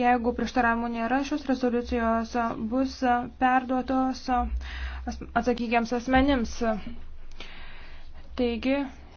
Jeigu prieštaravimų nėra, šios rezoliucijos bus perduotos atsakygiams asmenims. Taigi,